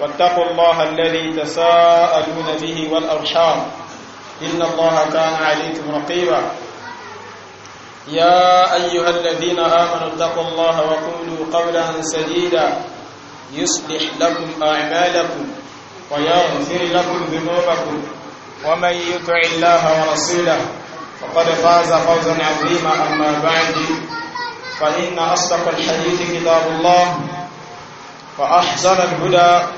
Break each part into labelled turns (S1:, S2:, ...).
S1: واتقوا الله الذي تساءلون به والأرحام إن الله كان عليكم رقيبا يا أيها الذين آمنوا اتقوا الله وقولوا قولا سديدا يصلح لكم أعمالكم ويغفر لكم ذنوبكم ومن يطع الله ورسوله فقد فاز فوزا عظيما أما بعد فإن أصدق الحديث كتاب الله فأحسن الهدى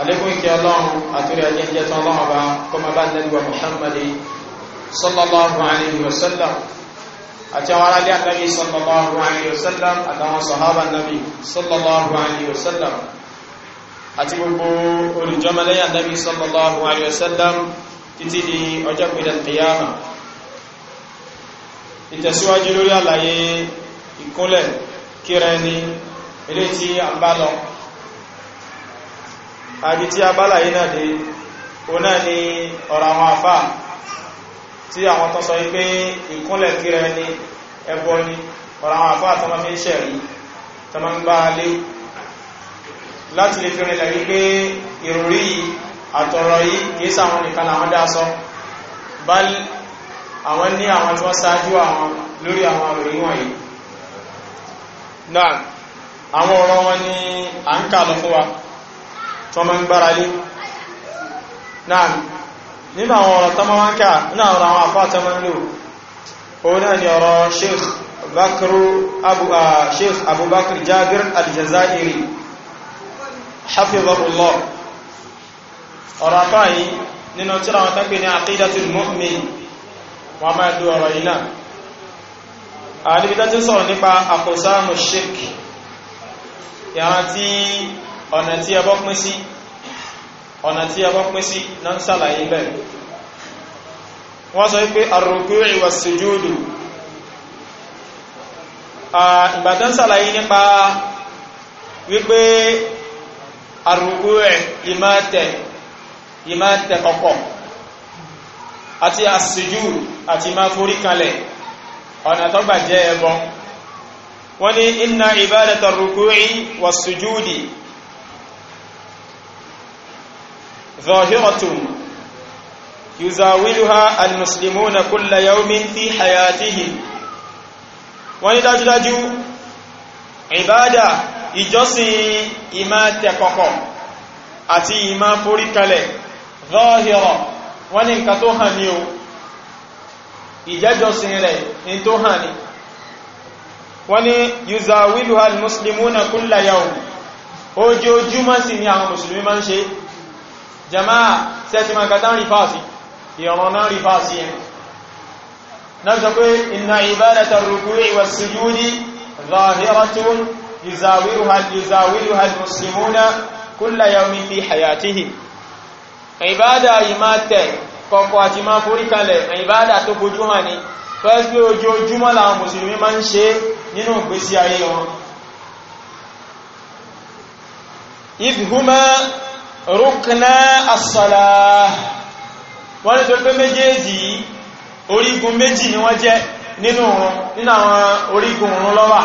S1: àlékún ìkẹ́ ọlọ́run àtúrí ajẹ́jẹ́ tán ọlọ́run ọba kó máa bá nẹ́gbà muhammadu sallallahu alayhi wa sallam àti àwọn aráàlú àtàbí sallallahu alayhi wa sallam àtàwọn sahaba nabi sallallahu alayhi wa sallam àti gbogbo olùjọmọlẹ́yà nabi sallallahu alayhi wa sallam títí di ọjọ́ pẹ̀lẹ̀ tẹ̀yàmà ìtẹ̀síwájú àbí tí a bá láyé náà dé o náà ni ọ̀rọ̀ àwọn afá tí àwọn tán sọ wípé ìkúnlẹ̀ kíra ẹni ẹbọ ni ọ̀rọ̀ àwọn afá tán máa fi ń ṣẹ̀rí tán máa ń gbá alé láti lè fi rìnlẹ̀ wípé ìròrí àtọ̀rọ̀ yìí kìí sáwọn nìkan làwọn dá sọ àwọn ọ̀rọ̀ wọn ni à ń kà lọ fún wa tọ́mọ́ ń gbára lé náà nínú àwọn ọ̀rọ̀ tọ́mọ́ wá ń ká nínú àwọn àwọn àfá tọ́mọ́ ń lò òun náà ni ọ̀rọ̀ sheikh abubakar jabir aljazairi hafizahullah ọ̀rọ̀ àfá yìí nínú tíra wọn tọ́pẹ́ ní aqidatul mu'min wọ́n máa lò ọ̀rọ̀ ọ̀nà tí ẹbọ pín sí ọ̀nà tí ẹbọ pín sí na ń sàlàyé bẹ́ẹ̀ wọ́n sọ wípé ar-ruku'i was-sujudu ìbàdán sàlàyé nípa wípé ar-ruku'i ìmáàtẹ̀ ìmáàtẹ̀ kọ̀kọ̀ àti as àti máa forí kalẹ̀ ọ̀nà tó gbà wọ́n ní inna ibadata ar-ruku'i was-sujudi ظاهرة يزاولها المسلمون كل يوم في حياتهم wọ́n ní dájúdájú ìbádà ìjọsìn ìmá tẹ̀kọ̀kọ̀ àti ìmá forí kalẹ̀ zọ́hìrọ̀ wọ́n ní nǹkan tó hàn ní o ìjẹ́jọsìn rẹ̀ ní tó hàn ní wọ́n ní yuzawiluha al kulla yawm ojoojúmọ́ sí ni àwọn mùsùlùmí máa ń ṣe jama'a sẹ́tìmọ̀ kàtà ń rí fásí ìrọ̀rùn náà rí fásí ẹ̀ náà sọ pé inna ibadata ruku'i was sujudi zahiratun yuzawiruha al-muslimuna kulla yawmin fi hayatihim ìbádà ìmá tẹ̀ kọ̀kọ̀ àti máa forí kalẹ̀ ìbádà tó fojú hàn ní fẹ́ẹ́sì pé ojoojúmọ́ làwọn mùsùlùmí máa ń ṣe nínú ìgbésí ayé wọn rúkná àsàlá wọ́n ní torí méjèèjì orígun méjì ni wọ́n jẹ́ nínú òrùn nínú àwọn orígun lọ́wà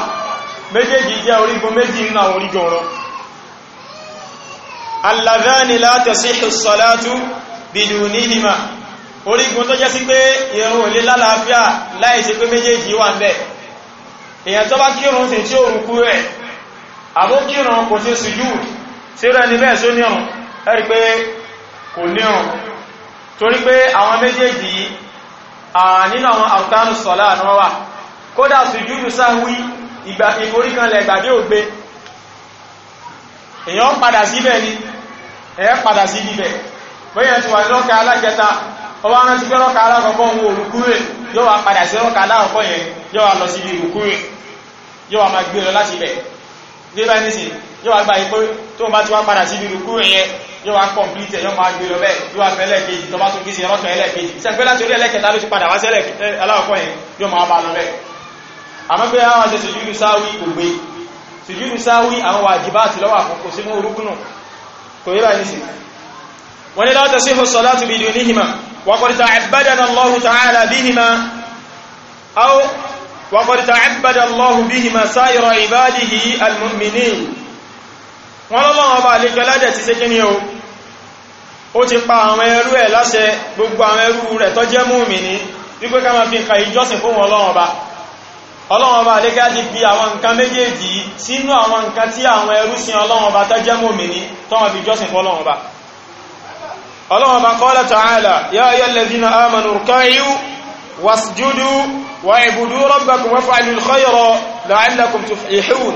S1: méjèèjì jẹ́ orígun méjì nínú àwọn orígun la tasihhu as-salatu bidunihima orígun tó jẹ́ sí pé ìrun ò lè lálàáfíà láìsí pé méjèèjì wà ń bẹ̀ èyàn tó bá kírun sí tí ó rẹ̀ kò sùjú sí rẹ̀ ní ẹ̀rí pé kò níhùn torí pé àwọn méjèèjì yìí nínú àwọn àwùtánù sọ̀lá àná wà kódà sùjúdù sáwí ìgbà ìforíkanlẹ̀ ìgbàdé ògbé èyàn padà síbẹ̀ ni ẹ̀yẹ padà sí ibẹ̀ bóyẹ̀ tí wà ní rọ́kà alákẹta ọba rántí pé rọ́kà alákọ̀ọ́kọ́ ohun òrùkúrè yóò wà padà sí rọ́kà alákọ̀ọ́kọ́ yẹn yóò wà lọ sí ibi òrùkúrè yóò wà máa gbé lọ láti ibẹ̀ nígbà nísìn yóò wà gba ipò tó bá ti wá padà sí ibi òrùkúrè yẹn yóò wá kọ̀m̀pìlìtì yóò máa gbé lọ bẹ́ẹ̀ yóò wá fẹ́ lẹ́ẹ̀kejì tó bá tún kí sí ẹlọ́kàn ẹlẹ́ẹ̀kejì sẹ́gbẹ́ láti orí ẹlẹ́kẹta ló ti padà wá sẹ́lẹ̀ aláwọ̀kọ́ yẹn yóò máa bá lọ bẹ́ẹ̀ àmọ́ pé àwọn ṣe sùjúdù sáwí ògbé sùjúdù sáwí àwọn wàjìbá ti lọ́wọ́ àkókò sínú orúkúnù kò yíra ní sí wọ́n ni láti sí salatu bidunihima wa qad ta'abbadana Allahu ta'ala bihima aw wa qad ta'abbada Allahu bihima sa'ira ibadihi al-mu'minin wọ́n lọ́lọ́wọ́ ọba àlejò ládẹ̀ ti sé kíní o ó ti pa àwọn ẹrú ẹ̀ láṣẹ gbogbo àwọn ẹrú rẹ̀ tó jẹ́ mùmínì wípé ká máa fi nǹkan ìjọsìn fún wọn Ọlọ́run ọba Ọlọ́run ọba àlejò ti fi àwọn nǹkan méjèèjì sínú àwọn nǹkan tí àwọn ẹrú sin Ọlọ́run ọba tó jẹ́ mùmínì tó wọn fi jọsìn fún Ọlọ́run ọba Ọlọ́run ọba qala ta'ala ya ayyuhallazina amanu ruk'u wasjudu wa ibudu rabbakum waf'alul khayra la'allakum tuflihun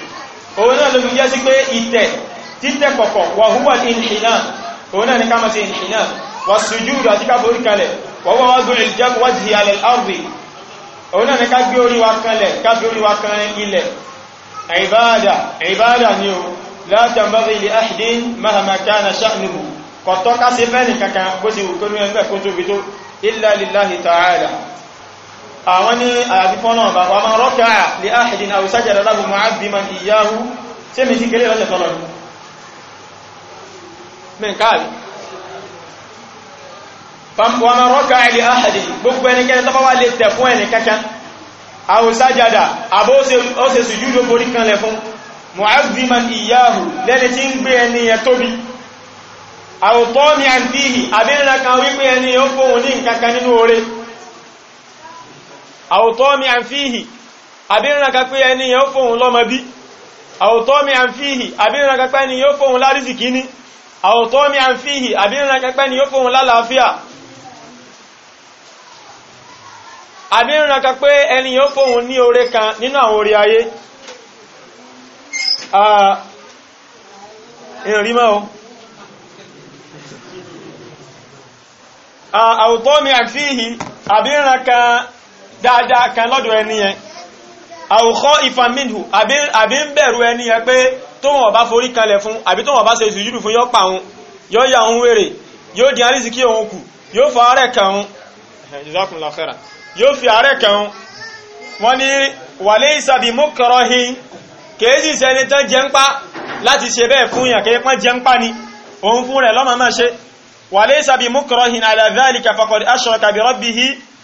S1: òun náà ló fi jẹ́ sí pé ìtẹ̀ títẹ̀ kọ̀kọ̀ wà húwà ìhìnà òun náà ni ká máa ṣe ìhìnà wà sùjúdù àti ká borí kalẹ̀ wà wà wájú ìjẹ́kù wájì alẹ́ àrùbì òun náà ni ká gbé orí wa kanlẹ̀ ká gbé orí wa kan ilẹ̀ ìbáadà ìbáadà ni o látàmbárí ilẹ̀ ahìdín mahama sí fẹ́ nìkankan bó ti wù kó ní ẹgbẹ́ kó tóbi tó illa lillahi àwọn ní àyàbí fọ́nà bàbá ma rọ́kà lè áhìdì náà ìsájẹ̀rẹ̀ lábù ma ma ìyáhú tí mi ti kéré lọ́sẹ̀ tọ́lọ̀ ní mẹ́ǹkáàrí wọ́n ma rọ́kà lè áhìdì gbogbo ẹnikẹ́ni tọ́fà wà lè tẹ̀ fún ẹni kankan se ya àwòtọ́ mi à ń fíhì àbírìnàká pé ẹni yẹn ó fóhun lọ́mọ bí àwòtọ́ mi à ń fíhì àbírìnàká pé ẹni yóò fóhun lárísìkí ní àwòtọ́ mi à ń fíhì àbírìnàká pé ẹni yóò fóhun lálàáfíà àbírìnàká pé ẹni yóò fóhun ní oore kan nínú àwọn orí ayé ìrìnrímọ́ o àwòtọ́ mi dáadáa kan lọ́dọ̀ ẹni yẹn àwòkọ́ ìfàmìnù àbí ń bẹ̀rù ẹni yẹn pé tó wọ́n bá forí kalẹ̀ fún àbí tó wọ́n bá ṣe ìsújúdù fún yọ́ pa òun yọ́ ya òun wèrè yóò di àrísìkí òun kù yóò fa àárẹ̀ kan òun jazakumullahu khairan yóò fi àárẹ̀ kan òun wọ́n ní wàlẹ́ ìsàbí mukrahin kèéjì sẹni tán jẹ́ ń pa láti ṣe bẹ́ẹ̀ fún yàn kẹ́ pọ́n jẹ́ ń pa ni òun fún rẹ̀ lọ́mọ máa ṣe wàlẹ́ ìsàbí mukrahin ala dhalika faqad ashraka bi rabbihi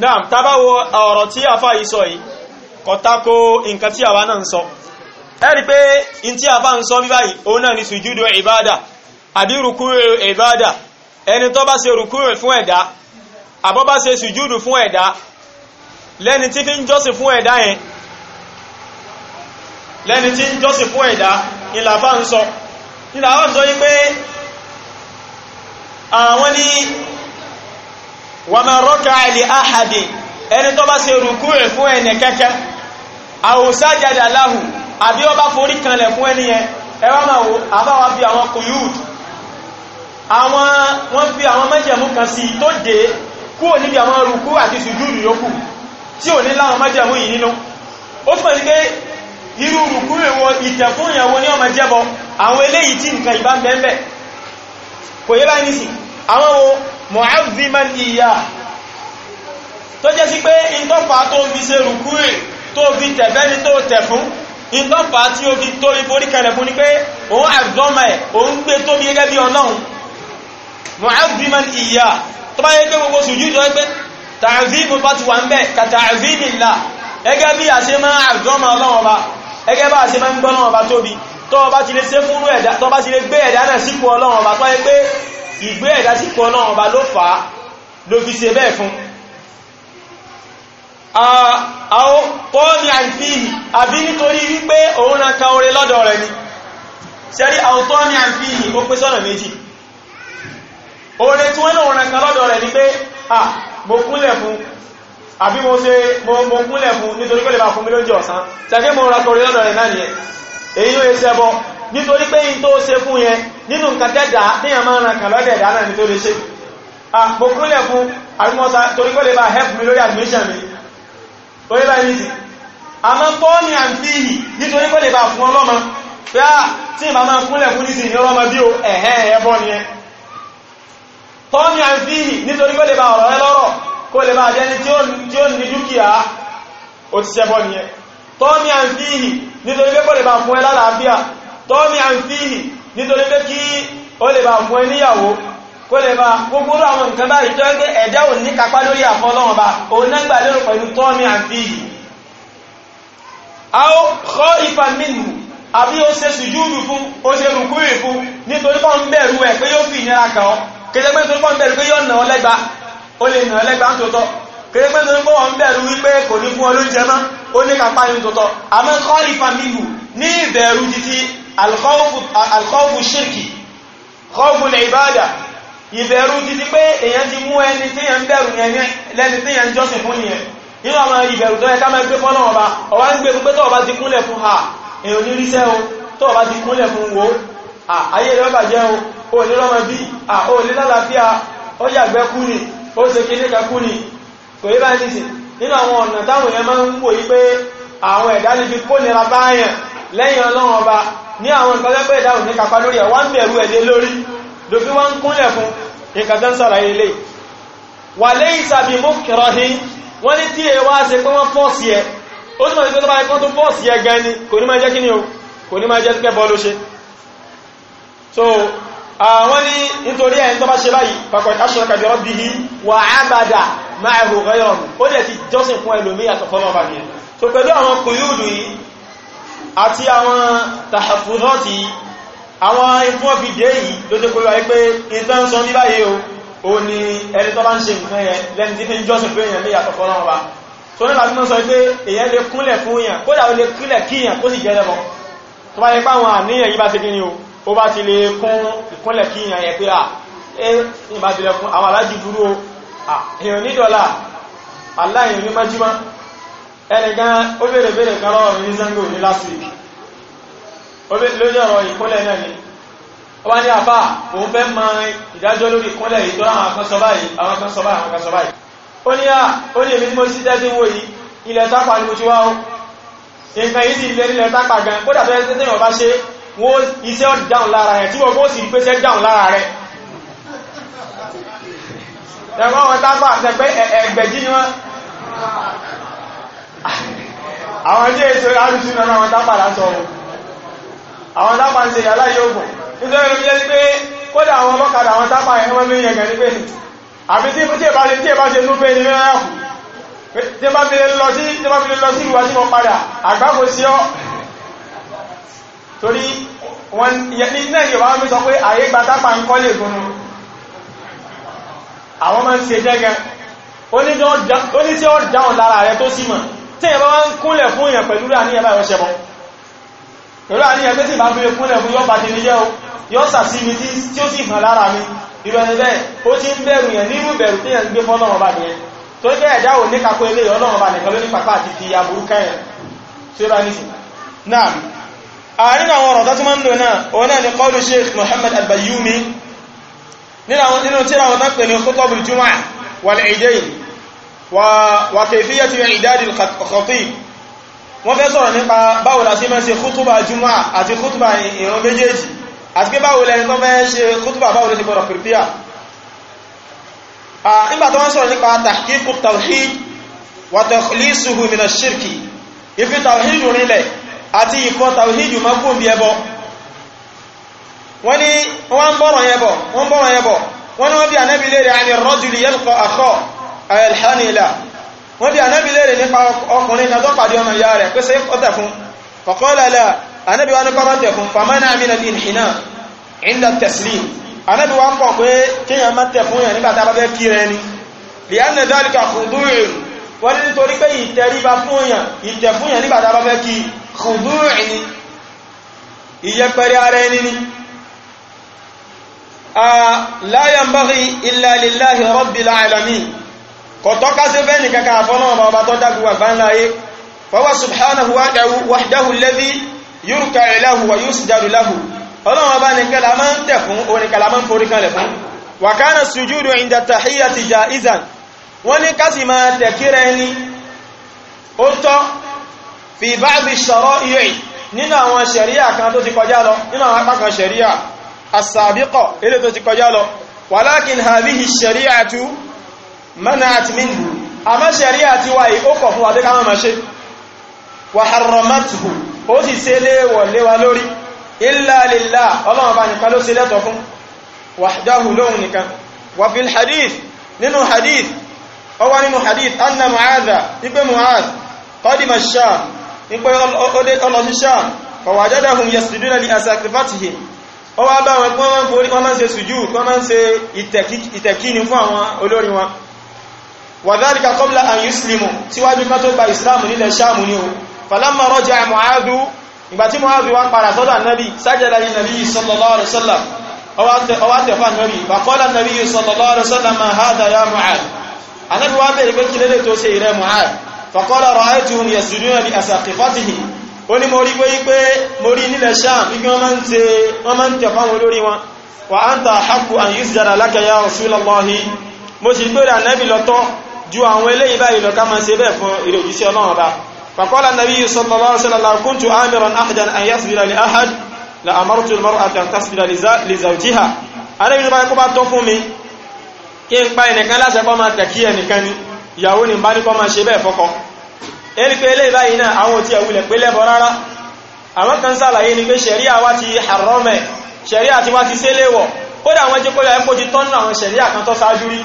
S1: náà tàbáwo ọ̀rọ̀ tí àfá yìí sọ yìí kọ̀tàkó nǹkan tí àwa náà ń sọ ẹ̀rí pé in tí àfá ń sọ bí báyìí òun náà ni sùjúdù ìbádà àbí rùkúrù ìbádà ẹni tó bá ṣe rùkúrù fún ẹ̀dá àbọ́ bá ṣe sùjúdù fún ẹ̀dá lẹ́ni tí fi ń jọ́sìn fún ẹ̀dá yẹn lẹ́ni tí ń jọ́sìn fún ẹ̀dá ìlàfá ń sọ ìlàfá ń sọ yí pé àwọn ní wa man raka'a li ahadin ẹni tó bá ṣe rùkú rẹ̀ fún ẹnì kẹ́kẹ́ aw sajada lahu àbí ó bá forí kanlẹ̀ fún ẹni yẹn ẹwà máa wo àbáwá fi àwọn kòyúùd àwọn wọ́n fi àwọn májẹ̀mú kan sí tó dé kúrò níbi àwọn rùkú àti sùjúdù yókù tí ò ní láwọn májẹ̀mú yìí nínú ó túnmọ̀ sí pé irú rùkú ìwọ ìtẹ̀fún ìyàwó ní ọmọ jẹ́bọ àwọn eléyìí tí nǹkan ìbá bẹ́ẹ̀ kò yẹ báyìí nísìnyí àwọn wo mu'azziman iya tó jẹ́ sí pé ìtọ́fà tó fi ṣe rùkúrì tó fi tẹ̀fẹ́ni tó tẹ̀ fún ìtọ́fà tí ó fi tó iborí kẹlẹ̀ fún ni pé òun àzọ́mà ẹ̀ òun gbé tóbi gẹ́gẹ́ bí ọlọ́run mu'azziman iya tó bá yẹ pé gbogbo sùjúdù ẹ pé tààzíìmù bá ti wà ń bẹ̀ ka tààzíìmì ńlá ẹgẹ́ a ṣe máa àjọmọ̀ ọlọ́wọ́ba a ṣe máa ń gbọ́nà ọba tóbi tó bá ti lè ṣe fún ẹ̀dá tó bá ti lè gbé ẹ̀dá náà sípò ọlọ́wọ́ba yẹ pé ìgbé ẹ̀dá sí pọ̀ náà ọba ló fà á ló fi ṣe bẹ́ẹ̀ fún àwọn kọ́ ní àbí nítorí wípé òun na ka oore lọ́dọ̀ rẹ̀ ni ṣẹ́rí àwòtọ́ ní àìfíì ó pé sọ́nà méjì oore tí wọ́n náà na ka lọ́dọ̀ rẹ̀ ni pé à mo kúnlẹ̀ fún àbí mo ṣe mo kúnlẹ̀ fún nítorí pé lè bá fún mi lóúnjẹ ọ̀sán ṣẹ́gbé mo ra nítorí pé in tó ṣe fún yẹn nínú nǹkan tẹ́dà téèyàn máa ń ran kàn lọ́dẹ̀ ẹ̀dá náà ní tó lè ṣe mo fún àrímọ́sá torí kó lè bá help mi lórí admission mi torí bá ní sí àmọ́ tọ́ ní àǹfíì nítorí kó lè bá fún ọlọ́mọ pé á tí ìbá máa kúnlẹ̀ fún ní sí ọlọ́mọ bí o ẹ̀hẹ́ ẹbọ ni ẹ tọ́ ní àǹfíì nítorí kó lè bá ọ̀rọ̀ ẹlọ́rọ̀ kó lè bá jẹ́ni tí ni ẹ tọ́ ní àǹfíì nítorí tọ́mí àǹfíhì nítorí pé kí ó lè bá fún ẹníyàwó kó lè bá gbogbo àwọn nǹkan báyìí tó ẹgbẹ́ ẹ̀dá ò ní kápá lórí àfọ́ ọlọ́run bá òun náà gbà lérò pẹ̀lú tọ́mí àǹfíhì a ó kọ́ ìfà mínú àbí ó ṣe sùjúdù fún ó ṣe rùkúrì fún nítorí pọ́n bẹ̀rù ẹ̀ pé yóò fi ìnira kàn ọ́ ń tòótọ́ kẹjẹ́ bẹ̀rù wípé kò ní fún ọ lóúnjẹ ó ní kápá ní tòótọ́ àmọ́ kọ́ ìfà ní ìbẹ̀rù títí alkhawfu ṣírkì khawfu ìbádà ìbẹ̀rù títí pé èyàn ti mú ẹni tí yàn bẹ̀rù lẹ́ni tí yàn jọ́sìn fún ni ẹ̀ nínú àwọn ìbẹ̀rù tó yẹ ká máa gbé fọ́nà ọba ọba ń gbé fún pé tọ́ọ̀bá ti kúnlẹ̀ fún ha èyàn ní ríṣẹ́ o tọ́ọ̀bá ti kúnlẹ̀ fún wo ayé rẹ̀ bàjẹ́ o ò ní lọ́mọ bí o ní lálàáfíà lẹ́yìn ọlọ́run ọba ní àwọn nǹkan lẹ́pẹ́ ìdáhùn ní kàpá lórí ẹ̀wà ń bẹ̀rù ẹ̀dẹ́ lórí lófí wọ́n ń kúnlẹ̀ fún nǹkan tán sára ilé wà lẹ́yìn sàbí mú kìrọ̀hí wọ́n ní tí èwà ṣe pé wọ́n fọ́ọ̀sì ẹ ó túnmọ̀ sí tó bá ikọ́ tó fọ́ọ̀sì ẹ gan ni kò ní máa jẹ́ kí ni o kò ní máa jẹ́ pẹ́ bọ́ ló ṣe so àwọn ní nítorí ẹ̀ tó bá ṣe báyìí pàpọ̀ ìdáṣọ́ kàbí ọ́ bí i wà á bàdà máa ẹ̀hùn ọ̀rọ̀ ó dẹ̀ ti jọ́sìn fún ẹlòmí àtọ̀fọ́lọ́ ọba nìyẹn so pẹ̀lú àwọn kùyúùdù yìí àti àwọn tàhàfúrọ́tì àwọn ikú ọ̀fi dé yìí ló jẹ́ kórí wáyé pé ìtàn sọ ní báyé o ò ní ẹni tó bá ń ṣe nǹkan yẹn lẹ́ni tí fi ń jọ́sìn pé èèyàn lè yàtọ̀ fọ́lọ́ ọba tó nípa tí wọ́n sọ pé èèyàn lè kúnlẹ̀ fún èèyàn kódà ó lè kúnlẹ̀ kí èèyàn kó sì jẹ́ lẹ́bọ̀ tó bá yẹ pé àwọn àníyàn ẹnìkan ó bèèrè bèèrè kan lọ́wọ́ mi ní zango ní last week lórí ọ̀rọ̀ ìkúnlẹ̀ náà ni ó wá ní àfà òun fẹ́ mọ ìdájọ́ lórí ìkúnlẹ̀ yìí tó láwọn kan sọ báyìí àwọn kan sọ báyìí àwọn kan sọ báyìí ó ní à ó ní èmi tí mo sì tẹ́sí wo yìí ilẹ̀ tápà ni mo ti wá ó nǹkan yìí sì lé nílẹ̀ tápà gan kódà tó ẹsẹ̀ tẹ́yìn ọba ṣe wọ́n iṣẹ́ ọ̀ dáhùn lára rẹ̀ tí wọ́n kó sì ń pèsè dáhùn lára rẹ̀ ẹ̀wọ́n wọn tápà àtẹ̀pẹ́ ẹgbẹ̀jì ni wọ́n àwọn jẹ́ èso alùsùn náà àwọn tápà lásọ ohun àwọn tápà ń ṣe yàlá yóò gùn nítorí ló jẹ́ pé kódà àwọn ọlọ́kadà àwọn tápà ẹ̀wọ́n ní yẹ̀gẹ̀ ní pé àbí tí tí ìbá ṣe tí ìbá ṣe ló pé ní mẹ́rẹ́ àkù tí bá fi lọ sí tí bá fi lọ sí ìwà sí wọn padà àgbákò sí ọ torí wọn ní náà yóò wá mi sọ pé àyè gba tápà ń kọ́ lè gùn àwọn máa ń ṣe jẹ́gẹ́ ó ní tí ó dáhùn lára rẹ tó símọ̀ tí ẹ̀bá wá ń kúnlẹ̀ fún èèyàn pẹ̀lú àníyàn báyọ̀ ṣẹbọ pẹ̀lú àníyàn pé tí ìbá fi kúnlẹ̀ fún yọ́ bàtí ní jẹ́ o yọ́ sàsí mi tí ó sì hàn lára mi irú ẹni bẹ́ẹ̀ ó ti ń bẹ̀rù yẹn nínú bẹ̀rù tí yẹn ń gbé fọ́lọ́run bá nìyẹn tó ń bẹ́ẹ̀ jáwò ní kakó ilé ọlọ́run bá nìkan lórí pàpá àti fi aburú kẹyàn tí ó bá nìsí náà àárín àwọn ọ̀rọ̀ tó tún máa ń lò náà òun náà ni kọ́lù Sheikh Muhammad Al-Bayyumi nínú tí àwọn tán pè ní kótọ́bù jùmọ̀ wal وكيفية إعداد الخطيب wọ́n fẹ́ sọ̀rọ̀ nípa báwo la ṣe máa ṣe kútùbà jùmọ́ àti kútùbà ìran méjèèjì àti pé báwo lẹ́ni tó fẹ́ ṣe kútùbà báwo lè ṣe bọ̀rọ̀ pìrìpíà nígbà tó wọ́n sọ̀rọ̀ nípa tahqiq tawhid wa takhlisuhu min ash-shirki ìfi tawhid rinlẹ̀ àti ìkọ̀ tawhid mọ́kùn bí ẹbọ wọ́n ni wọ́n bọ̀rọ̀ yẹbọ̀ wọ́n bọ̀rọ̀ yẹbọ̀ wọ́n ni wọ́n bí anẹ́bí lè rí àní rajuli yalqa alhanila wọ́n bí anábi lẹ́rẹ̀ nípa ọkùnrin náà tó pàdé ọmọ ìyá rẹ̀ pèsè ọ̀tẹ̀ fún fọ̀kọ́lẹ̀lẹ̀ anábi wọn kọ́ mọ́tẹ̀ fún famana amina bin hina inda taslim anábi wọn kọ̀ pé kíyàn mọ́tẹ̀ ní torí fún yàn ìtẹ̀ kọ̀tọ́ká sí fẹ́ nìkankan àfọ́nà ọba tó dágbù àgbáńlá ayé fọwọ́ subhanahu wahdahu alladhi yurka lahu wa yusjadu lahu ọlọ́wọ́ bá ní kẹlàmá ń tẹ̀ fún orin kẹlàmá ń forí kanlẹ̀ fún wa kana sujudu inda tahiyyati jaizan wọ́n ní kásì máa tẹ̀kírẹ manat minhu àmọ́ ṣẹ̀ríà ti wáyé ó kọ̀ fún wa pé ká má máa ṣe wa harramathu ó sì ṣe léèwọ̀ léwa lórí illa lillah ọlọ́run bá nìkan ló ṣe lẹ́tọ̀ fún wahdahu lóhun nìkan wa fil hadith nínú hadith ó wá nínú hadith anna mu'adha ipé mu'adh qadima sham ipé ọlọ́sí sham fọwàjádàhùn yasùdúnà ní asàkìfàtìhì ó wá bá wọn pọ́n wọ́n ń ṣe sùjú wọ́n ń ṣe ìtẹ̀kíni fún àwọn olórin wọn wàdálìkà kọ́bílá àyí ìsìlìmù síwájú ká tó gba ìsìlámù nílẹ̀ sáàmù ní o falamma raja'a Mu'adhu ìgbà tí Mu'adhu wá padà sọ́dọ̀ ànábì sájẹ́dá ní nàbí sallallahu alaihi wasallam ọwá tẹ̀fà nàbí faqala nàbí sallallahu alaihi wasallam ma hadha ya Mu'adh ànábì wá bẹ̀rẹ̀ pé kílẹ̀ tó ṣe ìrẹ́ Mu'adh faqala ra'aytuhum yasjuduna li asaqifatihi ó ní mo rí pé pé mo rí nílẹ̀ sáàmù bí wọ́n máa ń tẹ̀ fáwọn olórí wọn wa anta haqqu an yusjada laka ya rasulallahi mo sì gbé rẹ̀ ànábì lọ́tọ́ ju àwọn eléyìí báyìí lọ ká máa ṣe bẹ́ẹ̀ fún ilé òjíṣẹ́ ọlọ́run ọba fàkọ́lá nàbí sallallahu alaihi wasallam kuntu amiran ahadan an yasbira li ahad la amartu almar'ata an tasbira li zawjiha anábìnrin bá kó bá tọ́ fún mi kí n pa ẹnìkan láti ẹ̀kọ́ máa tẹ̀kí ẹnìkan ni ìyàwó ni bá ní kọ́ máa ṣe bẹ́ẹ̀ fọ́kọ́ èrí pé eléyìí báyìí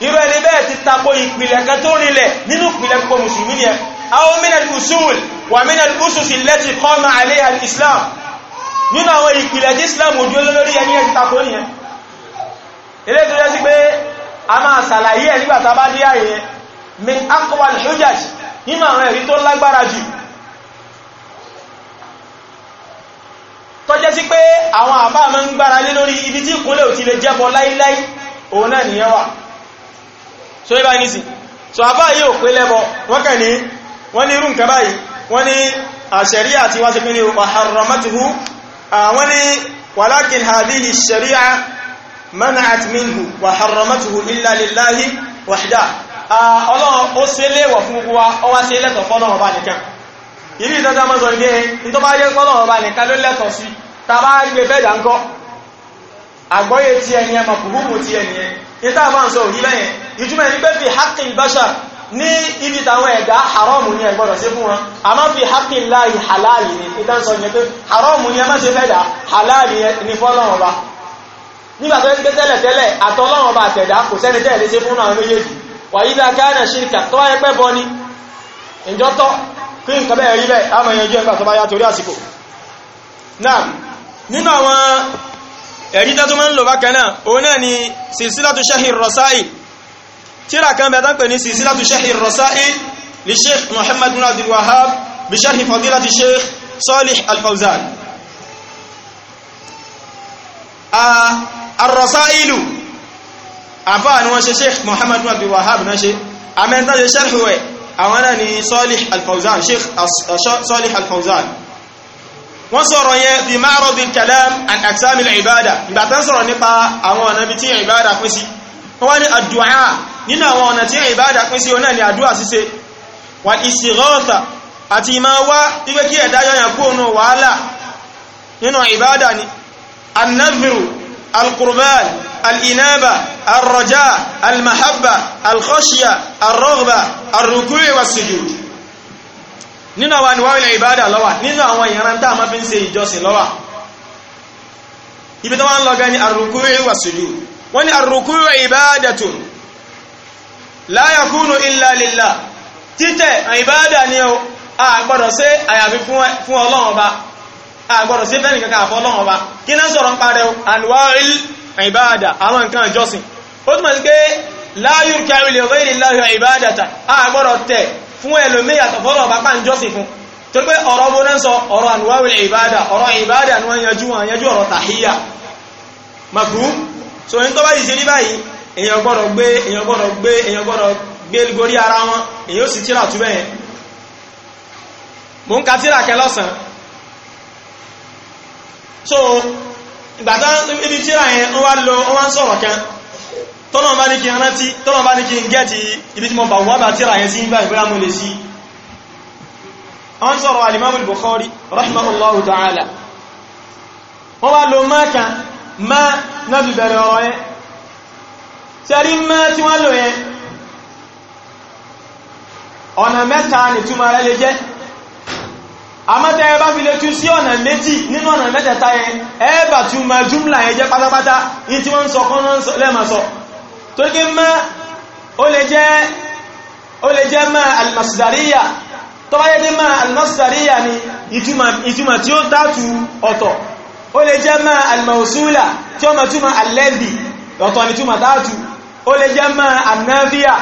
S1: irú ẹni bẹ́ẹ̀ ti tako ìpìlẹ̀ kan tó rinlẹ̀ nínú ìpìlẹ̀ gbogbo mùsùlùmí ni ẹ àwọn minal usul wà minal usus allati qama alayha al-islam nínú àwọn ìpìlẹ̀ tí islam ojú olólórí ẹni ẹ ti tako nìyẹn ilé tó yẹ sí pé a máa ṣàlàyé ẹ nígbà tá a bá dé àyè yẹn min aqwa al-hujaj nínú àwọn ẹ̀rí tó lágbára jù tọ́jẹ́ sí pé àwọn àbá máa ń gbára lé lórí ibi tí ìkúnlẹ̀ ò ti lè jẹ́bọ láíláí òun náà nìyẹn wà so ẹ báyìí nísì so àfá yìí ò pé lẹ́bọ wọ́n kẹ́ ní wọ́n ní irú nǹkan báyìí wọ́n ní àṣẹ̀rí àti wá sí pé ní ọ̀hàrọ̀mọ́tìhú àwọn ní walakin hadhihi sharia mana'at minhu wa harramatuhu illa lillahi wahda ọlọ́run ó ṣe léèwọ̀ fún gbogbo wa ó wá ṣe lẹ́tọ̀ fọ́lọ́run ọba nìkan ìrí ìtọ́jọ́ mọ́ sọ ní pé ní tó bá yẹ fọ́lọ́run ọba nìkan ló lẹ́tọ̀ sí tàbá gbé fẹ́dà ń kọ́ àgbọ́yé ti ẹni ẹmọ kùrùmù ti ẹni ìta àbá ń sọ òrí bẹ́yẹn ìtumẹ̀ ní pé fi haqqil bashar ní ibi tàwọn ẹ̀dá haramu ní ẹgbọ́dọ̀ sí fún wọn a máa fi haqqil láì halali ní ìta ń sọ ní pé haramu ní ẹmọ́ sí fẹ́dà halali ní fọ́lọ́wọ́n ba nígbà tó ń gbé tẹ́lẹ̀ tẹ́lẹ̀ àtọ́lọ́wọ́n ba àtẹ̀dá kò sẹ́ni tẹ́lẹ̀ sí ẹ̀rí tó máa ń lò bákan náà òun náà ni silsilatu shahir rasail tíra kan bẹ̀ẹ́ tán pè ní silsilatu shahir rasail li sheikh muhammad bin abdul wahab bi sharhi fadilati sheikh salih al-fawzan ar-rasailu àfáà ni wọ́n ṣe sheikh muhammad bin abdul wahab náà ṣe àmẹ́ntà ṣe sharhi àwọn náà ni salih al wọ́n sọ̀rọ̀ yẹn bí ma'radil kalam and aksamil ibada ìgbà tán sọ̀rọ̀ nípa àwọn ọ̀nà bí tí ibada pín sí wọ́n wá ní àdúà nínú àwọn ọ̀nà tí ibada pín sí ọ̀nà ni àdúà ṣíṣe wal istighatha àti ìmá wá wípé kí ẹ̀dá yọyàn kú ònà wàhálà nínú ibada ni annadhru alqurban al'inaba arroja almahabba alkhoshiya arrogba arrukuri wasujud nínú àwọn àníwáwílẹ̀ ìbádà lọ́wà nínú àwọn ìran tá a máa fi ń ṣe ìjọsìn lọ́wà ibi tó wá ń lọ gan ni àrùkúrẹ́ wà sùjú wọ́n ni àrùkúrẹ́ ìbádatun la yakunu illa lillah títẹ̀ ìbádà ni ó àgbọ̀dọ̀ sí àyàfi fún ọlọ́run ọba àgbọ̀dọ̀ sí fẹ́nì kankan àfọ́ ọlọ́run ọba kí náà sọ̀rọ̀ ń parẹ́ àníwáwíl ìbádà àwọn nǹkan ìjọsìn ó túnmọ̀ sí pé la yurka'u li ghayri llahi ìbádàtà àgbọ̀dọ̀ tẹ̀ fún ẹlòmí àtọ̀fọ́rọ̀ bàbá ń jọ́sìn fún torí pé ọ̀rọ̀ bó náà sọ ọ̀rọ̀ ànúwáwìlì ìbádà ọ̀rọ̀ ìbádà ni wọ́n yanjú wọn yanjú ọ̀rọ̀ tàhíyà màkú so ní tó bá yìí ṣe rí báyìí èèyàn gbọ́dọ̀ gbé èèyàn gbọ́dọ̀ gbé èèyàn so ìgbà tán ibi tíra yẹn wọ́n wá tọ́lọ̀ bá ní kí rántí tọ́lọ̀ bá ní kí n gẹ́ẹ̀tì ibi tí mo bà wà bá tíra yẹn sí ń gbà mú lè sí wọ́n sọ̀rọ̀ alimamu bukhari rahimahullahu ta'ala wọ́n wá lo maka ma na fi bẹ̀rẹ̀ ọ̀rọ̀ yẹn tẹ́rí ma tí wọ́n lò yẹn ọ̀nà mẹ́ta ni túnmà rẹ̀ lè jẹ́ àmọ́tẹ́ ẹ bá fi lè tún sí ọ̀nà méjì nínú ọ̀nà mẹ́tẹ̀ta yẹn ẹ bá túnmà jùmlà yẹn jẹ́ pátápátá ní tí wọ́n ń sọ kọ́nà lẹ́mà sọ torí kí má ó lè jẹ́ ó lè jẹ́ má almasdariya tó bá yẹ jẹ́ má almasdariya ni ìtumọ̀ tí ó dátù ọ̀tọ̀ ó lè jẹ́ má almausula tí ó mọ̀túmọ̀ alẹ́bì ọ̀tọ̀ ni túmọ̀ dátù ó lè jẹ́ má annáfíà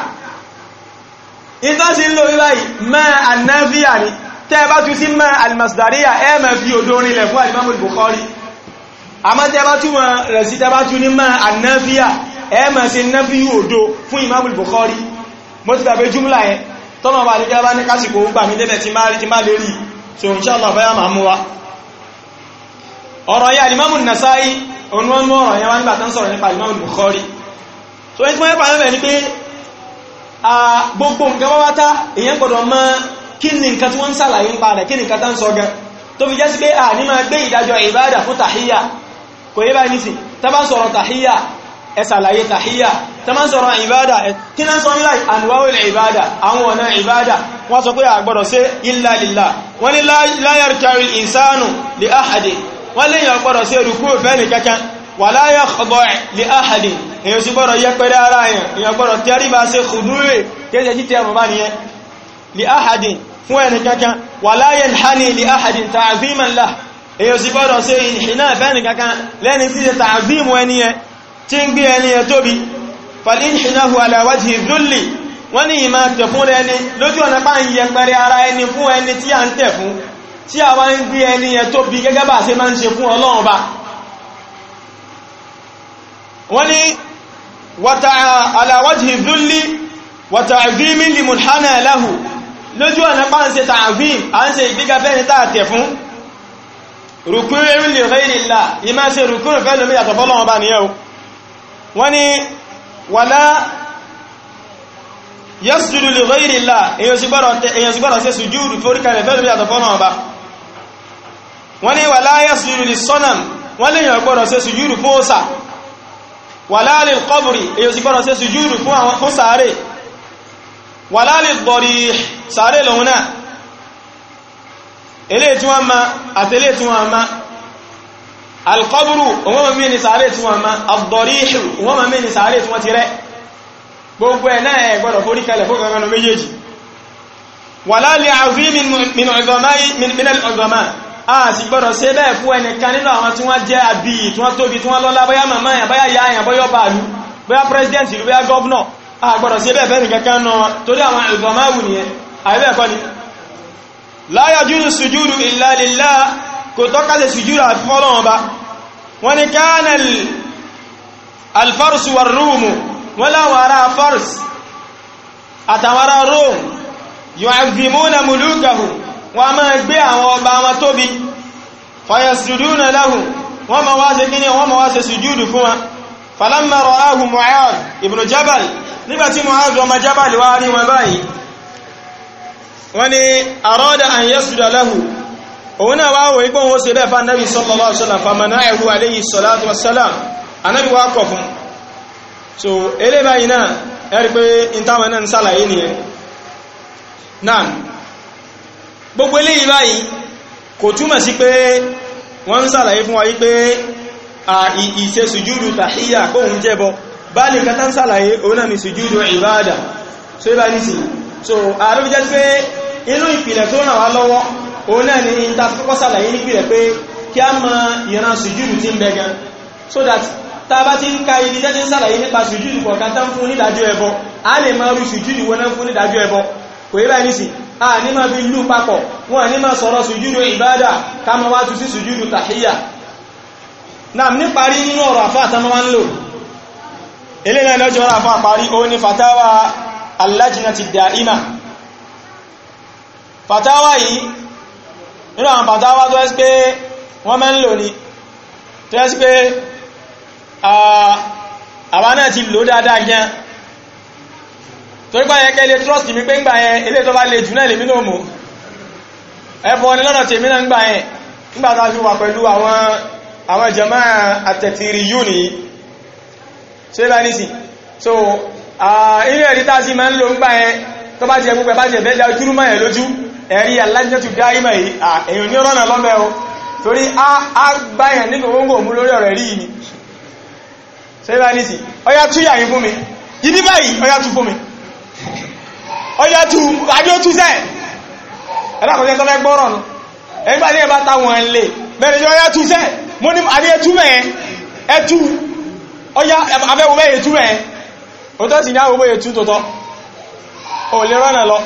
S1: ìtọ́sí ń lò wíwáyìí má annáfíà ni tẹ́ bá tún sí má almasdariya ẹ má fi òdórin lẹ̀ fún alimamul Bukhari àmọ́ tẹ́ bá tún rẹ̀ sí tẹ́ tún ní má annáfíà ẹ máa ṣe nafiyu òdo fún Imamul Bukhari mo ti gbàgbé jùmlà yẹn tọ́nà ọba àdíjẹ́ bá ní kásìkò gbà mí débẹ̀ tí máa rí tí máa lè rí so insha Allah báyá máa mú wa ọ̀rọ̀ yà Imam Nasa'i onúwọ́nú ọ̀rọ̀ yẹn wá nígbà tán sọ̀rọ̀ nípa Imam Bukhari so ẹni tí wọ́n yẹ́ pàdé bẹ̀ ni pé gbogbo nǹkan wáwátá èyàn gbọ́dọ̀ ń sàlàyé tó fi jẹ́ sí pé à ní máa gbé ìdájọ́ ìbáàdà fún tàhíyà kò yé báyìí nísìn tá sọ̀rọ̀ tàhíyà ẹsàlàyé tàhíyà tí ma ń sọ̀rọ̀ ìbádà kí náà sọ nílá àníwáwò ilẹ̀ ìbádà àwọn ọ̀nà ìbádà wọ́n sọ pé àgbọ̀dọ̀ sí illa lillah wọ́n ní la yarka'u al-insanu li ahadin wọ́n lè yàn gbọ́dọ̀ sí rùkú fẹ́ni kankan wa la yakhdu' li ahadin èyàn sì gbọ́dọ̀ yẹ sí ìhìnà fẹ́ni kankan lẹ́ni tí ṣe ta'zimu ẹni yẹn tí ń gbé ẹni ẹ tóbi fàlíhìnáhù aláwájì zulli wọ́n ní ìmá tẹ̀fún rẹ ni lójú ọ̀nà bá ń yẹ pẹ̀rẹ ara ẹni fún ẹni tí a ń tẹ̀ fún tí a wá ń gbé ẹni ẹ tóbi gẹ́gẹ́ bá ṣe máa ń ṣe fún ọlọ́run ba wọ́n lè rẹ́ ìlà ìmá ṣe rukun fẹ́ lómi yàtọ̀ fọ́lọ́run ba nìyẹn wọ́n ni wàlá yasjudu li ghayri Allah èyàn sì gbọ́rọ̀ sí sùjúdù foríkalẹ̀ fẹ́lú bí àtọ̀fọ́nà ọba wọ́n ni wàlá yasjudu li sọ́nàm wọ́n lè yàn gbọ́rọ̀ sí sùjúdù fún òsà wàlá lil qabri èyàn sì gbọ́rọ̀ sí sùjúdù fún sàárè wàlá lil darih sàárè lòun alkọ́bùrù wọ́n ma mẹ́ni sàárè tí wọ́n ma abdọ̀ríṣù wọ́n ma mẹ́ni sàárè tí wọ́n ti rẹ́ gbogbo ẹ̀ náà ẹ̀ gbọ́dọ̀ forí kalẹ̀ fún ọmọ méjèèjì wàlá lè àrí min ọ̀gọ́má a ti gbọ́dọ̀ ṣe bẹ́ẹ̀ fún ẹnìkan nínú àwọn tí wọ́n jẹ́ àbí tí wọ́n tóbi tí wọ́n lọ́lá bóyá màmá yà bóyá yà yà bóyá bàálù bóyá president ìlú bóyá gọ́ọ̀nà a gbọ́dọ̀ ṣe bẹ́ẹ̀ kò tọ́ka ṣe sùjúdù àfi fọ́lọ́wọ́n ba wọ́n ni kánàl alfarsu wa rúùmù wọ́n láwọn ará fars àtàwọn ará rome yu'azzimuna mulukahu wọ́n máa gbé àwọn ọba wọn tóbi fayasuduna lahu wọ́n ma wá ṣe kíní an yasuda lahu òun náà wá wòye pọ́n wọ́n ṣe bẹ́ẹ̀ fún anábì sallallahu alaihi wasallam ẹ̀rù salatu wassalam anábì wá kọ̀ fún so elé báyìí náà ẹ̀rí pé ìtawọn náà ń sàlàyé nìyẹn náà gbogbo eléyìí báyìí kò túmọ̀ sí pé wọ́n ń sàlàyé fún a yí pé ìṣe sùjúdù tàhíyà kóhun jẹ́bọ bá kátà ń sàlàyé òun náà ni sùjúdù ìbáadà so so òun ni in ta kọ́kọ́ sàlàyé níbi rẹ̀ pé kí a mọ ìran sùjúdù tí ń bẹ gan so that ta bá ti ń ka ibi tẹ́tí ń sàlàyé nípa sùjúdù kọ̀ọ̀kan tán fún nídàájú ẹbọ a lè máa rú sùjúdù wọn náà fún nídàájú ẹbọ kò yíba ní sí a ní máa fi lú papọ̀ wọn ní máa sọ̀rọ̀ sùjúdù ìbádà ká máa wá tu sí sùjúdù tàhíyà náà ní parí nínú ọ̀rọ̀ àfá àtàmọ́ wá ń lò eléyìí lọ́jọ́ ọ̀rọ̀ àfá parí ó ní fatawa alájìnà ti dà ìmà fatawa yìí nínú àwọn fàtàwà tó ẹ́sí pé wọ́n mẹ́ ń lò ní tó ẹ́sí pé àwa náà ti lò dáadáa gan torí pé ayẹkẹ́ ilé trust mi pé ń gbà yẹn ilé tó bá lè jù náà lèmi náà mú ẹ̀fọ́ ni lọ́nà tèmi náà ń gbà yẹn nígbà tá a fi wà pẹ̀lú àwọn àwọn jàmá àtẹ̀tìrì yìí nìyí ṣe bá ní sí so ilé ẹ̀rí tá a sì máa ń lò ń gbà yẹn tó bá jẹ púpẹ̀ bá jẹ bẹ́ẹ̀ jẹ́ ojúrú ẹ̀rí alájẹ́tù dáímà yìí èyàn ní ọ̀rọ̀nà lọ́bẹ̀ o torí a gbáyàn ní gbogbo mú lórí ọ̀rẹ̀ rí ni sẹ́bà ní sí ọya tú yà yìí fún mi yìí báyìí ọya tú fún mi ọya tú adé tú sẹ́ ẹ̀lákọ̀ọ́sẹ́ tó fẹ́ gbọ́rọ̀ nù ẹgbà ní ẹbá táwọn ẹ̀ lè bẹ̀rẹ̀ ọya tú sẹ́ mo ní adé tú mẹ́ ẹ tú ọya abẹ́wọ̀ bẹ́ẹ̀ tú mẹ́ sì ní tú ò lè rọ́nà lọ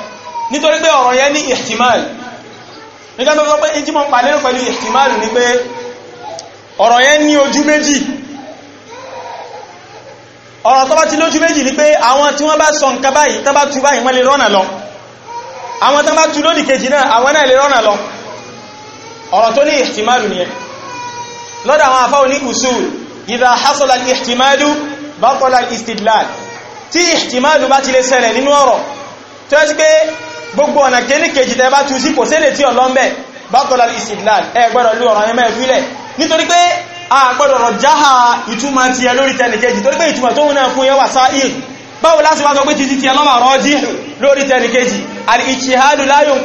S1: nítorí pé ọ̀rọ̀ yẹn ní ihtimal nígbà tó sọ pé ìjí mọ́ pàdé pẹ̀lú ihtimal ní pé ọ̀rọ̀ yẹn ní ojú méjì ọ̀rọ̀ tó bá ti lójú méjì ní pé àwọn tí wọ́n bá sọ nǹkan báyìí tán bá tú báyìí wọ́n lè rọ́nà lọ àwọn tán bá tú lódì kejì náà àwọn náà lè rọ́nà lọ ọ̀rọ̀ tó tí ihtimalu bá ti lè ṣẹlẹ̀ nínú ọ̀rọ̀ tó yẹ́ sí pé gbogbo ọ̀nà kéní kejì tẹ́ bá tú sí kò sílẹ̀ tí ọlọ́mbẹ̀ bákọ̀lá ìsìdìláàlì ẹ gbọ́dọ̀ lú ọ̀rọ̀ ẹmẹ́ ìfilẹ̀ nítorí pé a gbọ́dọ̀ rọ̀ jáha ìtumọ̀ ti ẹ lórí tẹnì kejì torí pé ìtumọ̀ tó ń náà fún yẹwà sáàìl báwo láti wá sọ pé títí ti ẹlọ́mà rọ́jí lórí tẹnì kejì àti ìṣìhádù láyùn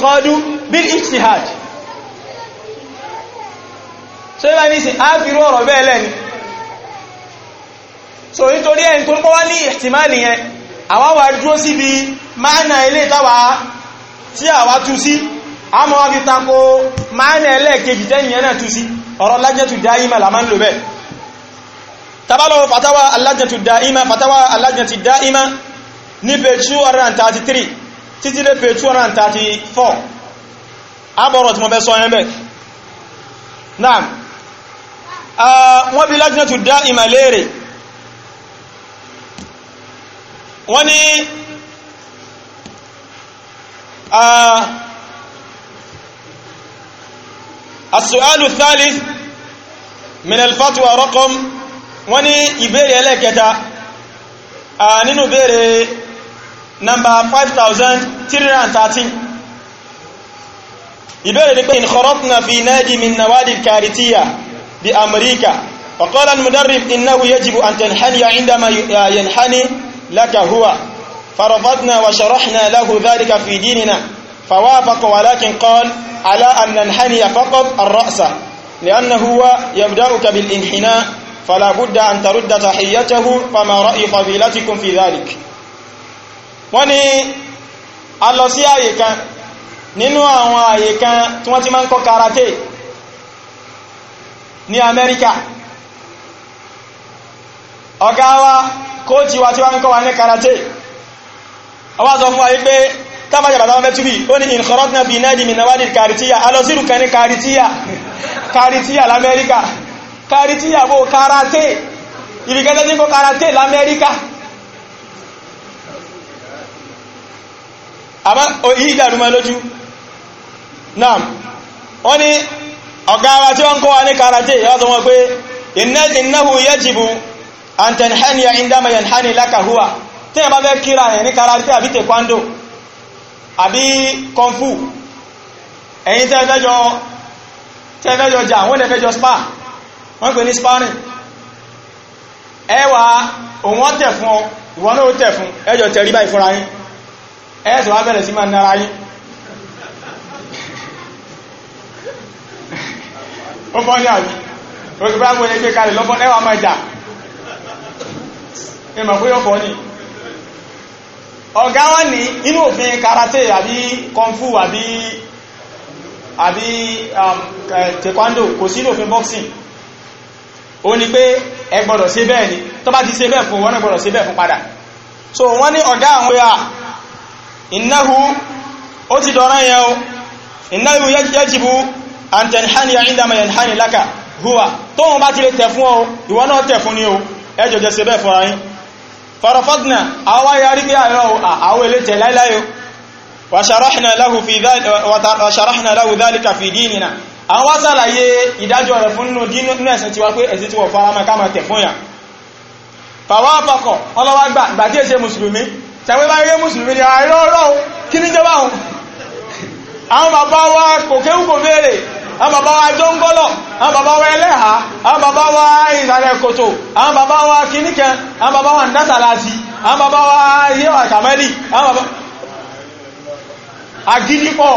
S1: so nítorí ẹni tó ń pọ́ wá ní ìtìmáàlì yẹn àwọn wà dúró síbi máa náà ilé ìtawà tí àwa tú sí a mọ́ wá fi tako máàna ẹlẹ́ẹ̀kejì tẹ́nìyàn náà tú sí ọ̀rọ̀ lájẹ́tù dáímà la máa ń lò bẹ́ẹ̀ tabalọ́wọ́ fatawa alájẹ́tù dáímà fatawa alájẹ́tù dáímà ní page 233 títí dé page 234 abọ̀rọ̀ tí mo fẹ́ sọ yẹn bẹ́ẹ̀ náà wọ́n bí lájẹ́tù dáímà léèrè wọ́n ní السؤال الثالث من الفتوى رقم وني ìbéèrè ẹlẹ́kẹta nínú ìbéèrè number 5313 ìbéèrè ni pé إن خرطنا في نادي من نوادي الكارثية بأمريكا وقال المدرب إنه يجب أن تنحني عندما ينحني لك هو فرفضنا وشرحنا له ذلك في ديننا فوافق ولكن قال على أن ننحني فقط الرأس لأنه هو يبدأك بالانحناء فلا بد أن ترد تحيته فما رأي فضيلتكم في ذلك وني الله sí àyè kan nínú àwọn àyè kan tí wọ́n ti máa ń kọ́ karate ní amẹ́ríkà ọ̀gá wa kóòtì wa tí wọ́n ń kọ́ wa ní karate ọwá sọ fún ayé pé tábàjà bàtà mẹ́tú bí ó ní ìkọ̀rọ̀tìnà bí náà dìmì náwádì kàrìtíyà alọ́sírù kan ní kàrìtíyà kàrìtíyà lamẹ́ríkà kàrìtíyà bó karate ìrìkẹ́tẹ́ tí kó karate lamẹ́ríkà àbá yìí dàrúmọ́ lójú náà wọ́n ní ọ̀gá tẹ́yàn bá fẹ́ kíra rẹ̀ ní karate àbí taekwondo àbí kung fu ẹ̀yin tẹ́ẹ̀fẹ́jọ tẹ́ẹ̀fẹ́jọ jà wọ́n lẹ́fẹ́jọ spa wọ́n pè ní sparring ẹwà òun wọ́n tẹ̀ fún ọ ìwọ́n náà tẹ̀ fún ẹjọ tẹ̀rí báyìí fúnra yín ẹ̀ẹ́sì wá bẹ̀rẹ̀ sí máa nara yín ó fọ́ ní àbí òkè bá wọlé gbé kalẹ̀ lọ́fọ́ ẹwà máa jà ìmọ̀ pé ó fọ́ ní ọ̀gá wá ní inú òfin karate àbí kung fu àbí àbí um, taekwondo kò sí inú òfin boxing ó ní pé ẹ gbọ́dọ̀ ṣe bẹ́ẹ̀ ni tó bá ti ṣe bẹ́ẹ̀ fún wọn gbọ́dọ̀ ṣe bẹ́ẹ̀ fún padà so wọ́n ní ọ̀gá àwọn ya ìnáhu ó ti dọ̀rọ̀ yẹn o ìnáhu yajibu àǹtẹ̀nìhánì àìndàmà yẹnìhánì lákà hùwà tóun bá ti lè tẹ̀ fún ọ ìwọ náà tẹ̀ fún ni o ẹ jọjọ ṣe bẹ́ẹ̀ fún ara yín farafadna awa yari pé àwọn elete láíláyò wa sharahna lahu dhalika fi dinina àwọn wá sàlàyé ìdájọ́ rẹ̀ fún nínú ẹ̀sìn tiwa pé ẹ̀sìn tiwọ̀ farama ká máa tẹ̀ fún yà fàwọn àpapọ̀ ọlọ́wà gbà gbàtí èsè mùsùlùmí tẹ̀wé bá rí mùsùlùmí ni àìrọ̀ ọ̀rọ̀ kí ní jẹba ohun àwọn bàbá wa kò kéhù kò béèrè àwọn bàbá wa jọ ń gọ́lọ̀ àwọn wa ẹlẹ́ àà àwọn bàbá wa ìsàlẹ̀ kòtò àwọn bàbá wa kìníkẹ àwọn bàbá wa ndásàlásí àwọn bàbá wa yíò àkàmẹ́lì àwọn bàbá àgídípọ̀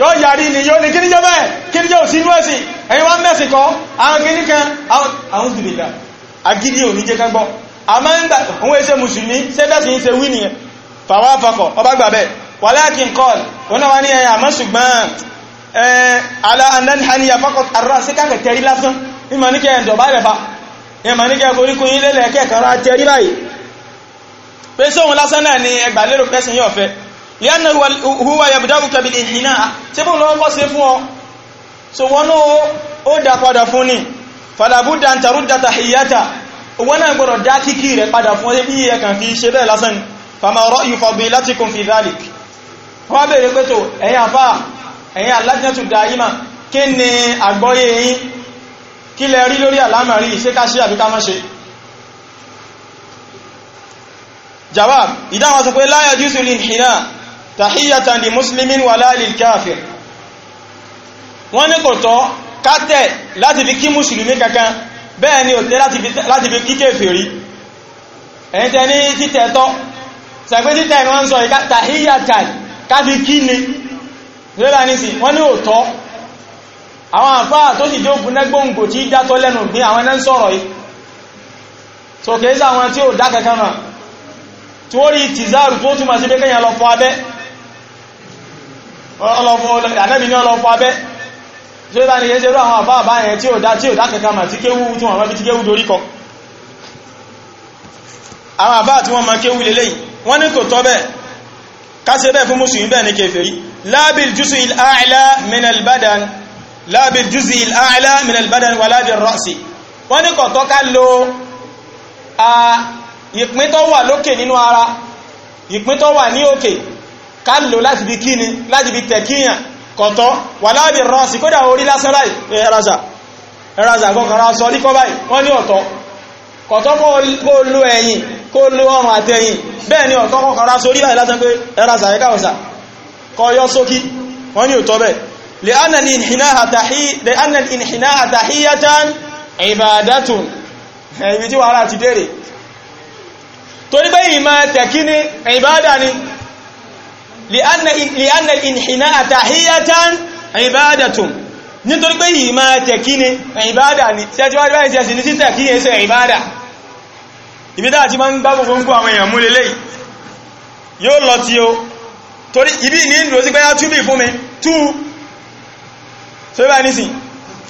S1: yóò yàrí ni yóò ní kí ní jẹ́ bẹ́ẹ̀ kí ní jẹ́ òsínú ẹ̀sìn ẹ̀yìn wá mẹ́sìn kọ́ àwọn kìníkẹ àwọn ìdìbìdà agídí ò ní jẹ́ kẹ́gbọ́ se wí nìyẹn fàwọn afọkọ̀ ọba gbàbẹ̀ wà láàkín kọ́ọ̀lù ala anan haniya fakot arra sí káàkẹ̀ tẹ̀rí lásán ìmọ̀ ní kẹ́ ẹ̀dọ̀bá rẹ̀ bá ìmọ̀ ní kẹ́ forí kún ilé lẹ́ẹ̀kẹ́ kàrà tẹ̀rí báyìí pé sóhun lásán náà ni ẹgbà lérò pẹ́sìn yóò fẹ́ lianna huwa yabda'u bil inhina ṣe fún lọ́wọ́ sí fún ọ so wọn ó ó dá padà fún ni falabuda ń tarú da tahiyata owó náà gbọdọ̀ dá kíkì rẹ̀ padà fún ẹbí ẹ̀kàn fi ṣe bẹ́ẹ̀ lásán fama ra'yu fadilatikum fi dhalik wọ́n bèèrè pé tó ẹ̀yà fáà ẹ̀yin alájẹ́tù dáyímà kí ni àgbọ́yé yín kí lẹ rí lórí àlámàrí ṣé ká ṣe àbí ká má ṣe jawab ìdáwọn sọ pé la yajuzu linhina tahiyatan li muslimin wala lil kafir wọ́n ní kò tọ́ kátẹ̀ láti fi kí mùsùlùmí kankan fi kí ni lọ́la ní sí wọ́n ní òótọ́ àwọn àfáà tó sì jó gúnẹ́gbóǹgò tí játọ́ lẹ́nu gbé àwọn ẹ̀nà ń sọ̀rọ̀ yìí so kèéṣà àwọn tí ó dá kankan náà tí ó rí tìzáàrù tó túnmà sí pé kéèyàn lọ fọ abẹ́ ànábì ní ọlọ́fọ abẹ́ tí ó bá ní kéèṣe rú àwọn àfáà bá yẹn tí ó dá tí ó dá kankan mà tí kéwú tí wọ́n fi kéwú dorí kọ àwọn àfáà tí لا بالجزء الأعلى من البدن لا بالجزء الأعلى من البدن ولا بالرأس wọ́n ní kọ̀tọ́ ká lo ìpín tó wà lókè nínú ara ìpín tó wà ní òkè ká lò láti bí kíni láti bí tẹ̀kíyàn kọ̀tọ́ wala bi rasi kódà orí lásán láì ẹ̀raza ẹ̀raza kọkànra sọ ní kọ́ báyìí wọ́n ní ọ̀tọ̀ kọ̀tọ́ kó lo kọyọ sókí wọ́n ní òtọ́ bẹ̀ lè annal inhinaha tahiyatan ibadatun ibi tí wàhálà ti dèrè torí pé ìmá tẹ̀kí ní ìbádà ni lè annal inhinaha tahiyatan ibadatun nítorí pé ìmá tẹ̀kí ní ìbádà ni tí wá báyìí tẹ̀sì ní tí ó torí ibi ní ìdúró sí pé á ah, túbì fún mi tú so bá nísìn